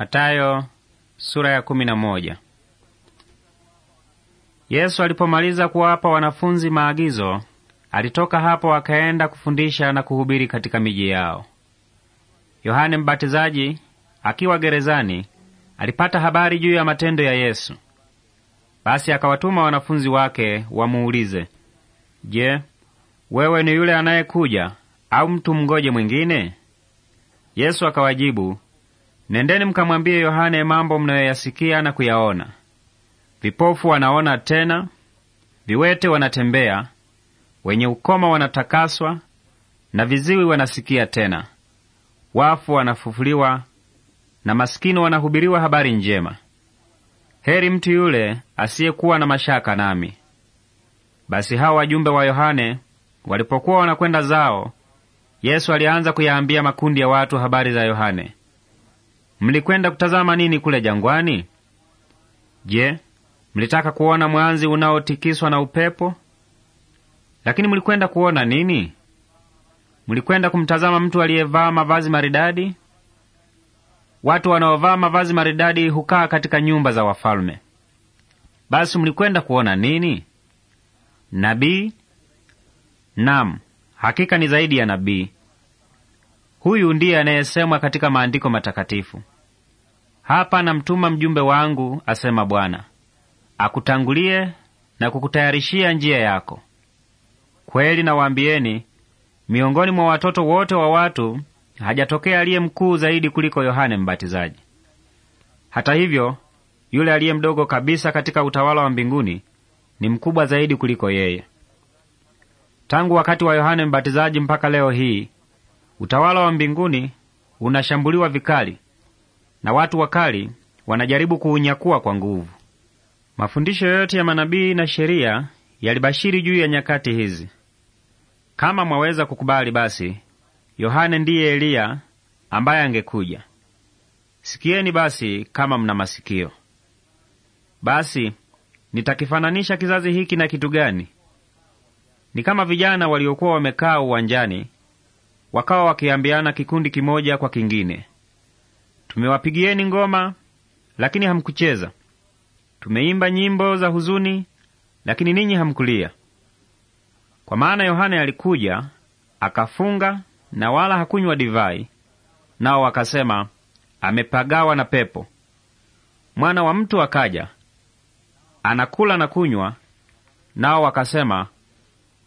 Matayo sura ya kumi na moja. Yesu alipomaliza kuwapa wanafunzi maagizo, alitoka hapo akaenda kufundisha na kuhubiri katika miji yao. Yohane Mbatizaji akiwa gerezani alipata habari juu ya matendo ya Yesu. Basi akawatuma wanafunzi wake wamuulize, Je, wewe ni yule anayekuja au mtu mngoje mwingine? Yesu akawajibu, Nendeni mkamwambie Yohane mambo mnayoyasikia na kuyaona: vipofu wanaona tena, viwete wanatembea, wenye ukoma wanatakaswa, na viziwi wanasikia tena, wafu wanafufuliwa, na masikini wanahubiriwa habari njema. Heri mtu yule asiyekuwa na mashaka nami. Basi hawa wajumbe wa Yohane walipokuwa wanakwenda zao, Yesu alianza kuyaambia makundi ya watu habari za Yohane mlikwenda kutazama nini kule jangwani? Je, mlitaka kuona mwanzi unaotikiswa na upepo? Lakini mlikwenda kuona nini? Mlikwenda kumtazama mtu aliyevaa mavazi maridadi? Watu wanaovaa mavazi maridadi hukaa katika nyumba za wafalme. Basi mlikwenda kuona nini? Nabii? nam hakika ni zaidi ya nabii. Huyu ndiye anayesemwa katika maandiko matakatifu, hapa namtuma mjumbe wangu, asema Bwana, akutangulie na kukutayarishia njia yako. Kweli nawaambieni, miongoni mwa watoto wote wa watu hajatokea aliye mkuu zaidi kuliko Yohane Mbatizaji. Hata hivyo, yule aliye mdogo kabisa katika utawala wa mbinguni ni mkubwa zaidi kuliko yeye. Tangu wakati wa Yohane Mbatizaji mpaka leo hii Utawala wa mbinguni unashambuliwa vikali na watu wakali wanajaribu kuunyakuwa kwa nguvu. Mafundisho yote ya manabii na sheria yalibashiri juu ya nyakati hizi. Kama mwaweza kukubali, basi Yohane ndiye Eliya ambaye angekuja. Sikieni basi kama mna masikio. Basi nitakifananisha kizazi hiki na kitu gani? Ni kama vijana waliokuwa wamekaa uwanjani wakawa wakiambiana kikundi kimoja kwa kingine, tumewapigieni ngoma lakini hamkucheza, tumeimba nyimbo za huzuni lakini ninyi hamkulia. Kwa maana Yohane alikuja akafunga na wala hakunywa divai, nao wakasema amepagawa na pepo. Mwana wa mtu akaja anakula na kunywa, nao wakasema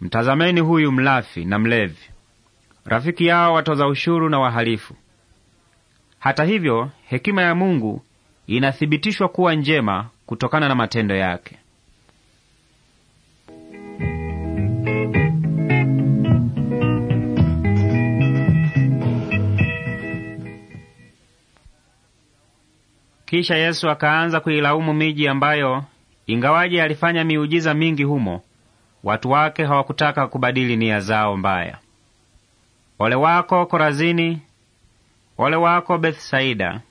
mtazameni, huyu mlafi na mlevi, rafiki yao watoza ushuru na wahalifu. Hata hivyo, hekima ya Mungu inathibitishwa kuwa njema kutokana na matendo yake. Kisha Yesu akaanza kuilaumu miji ambayo ingawaje alifanya miujiza mingi humo, watu wake hawakutaka kubadili nia zao mbaya. Ole wako Korazini! Ole wako Bethsaida!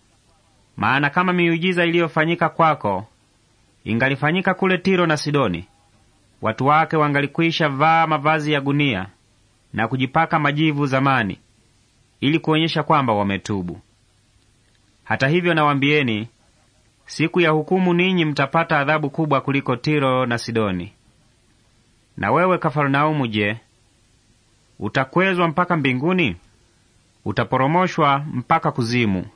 Maana kama miujiza iliyofanyika kwako ingalifanyika kule Tiro na Sidoni, watu wake wangalikwisha vaa mavazi ya gunia na kujipaka majivu zamani, ili kuonyesha kwamba wametubu. Hata hivyo, nawambieni, siku ya hukumu ninyi mtapata adhabu kubwa kuliko Tiro na Sidoni. Na wewe Kafarnaumu, je, utakwezwa mpaka mbinguni, utaporomoshwa mpaka kuzimu.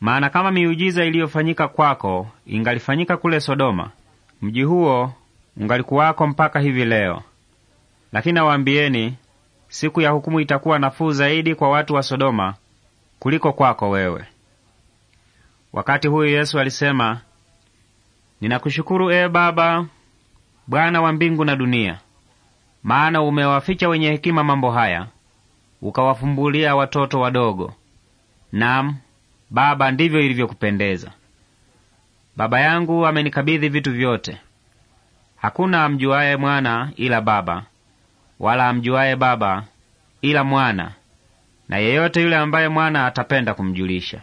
Maana kama miujiza iliyofanyika kwako ingalifanyika kule Sodoma, mji huo ungalikuwako mpaka hivi leo. Lakini nawaambieni, siku ya hukumu itakuwa nafuu zaidi kwa watu wa Sodoma kuliko kwako wewe. Wakati huyu Yesu alisema, ninakushukuru, ee Baba, Bwana wa mbingu na dunia, maana umewaficha wenye hekima mambo haya, ukawafumbulia watoto wadogo. Naam Baba, ndivyo ilivyokupendeza. Baba yangu amenikabidhi vitu vyote. Hakuna amjuaye mwana ila Baba, wala amjuaye Baba ila mwana, na yeyote yule ambaye mwana atapenda kumjulisha.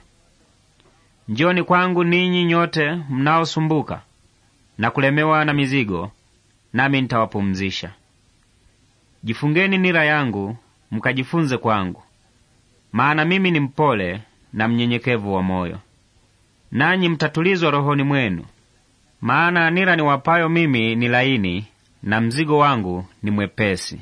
Njoni kwangu ninyi nyote mnaosumbuka na kulemewa na mizigo, nami nitawapumzisha. Jifungeni nira yangu mkajifunze kwangu, maana mimi ni mpole na mnyenyekevu wa moyo, nanyi mtatulizwa rohoni mwenu. Maana nira niwapayo mimi ni laini na mzigo wangu ni mwepesi.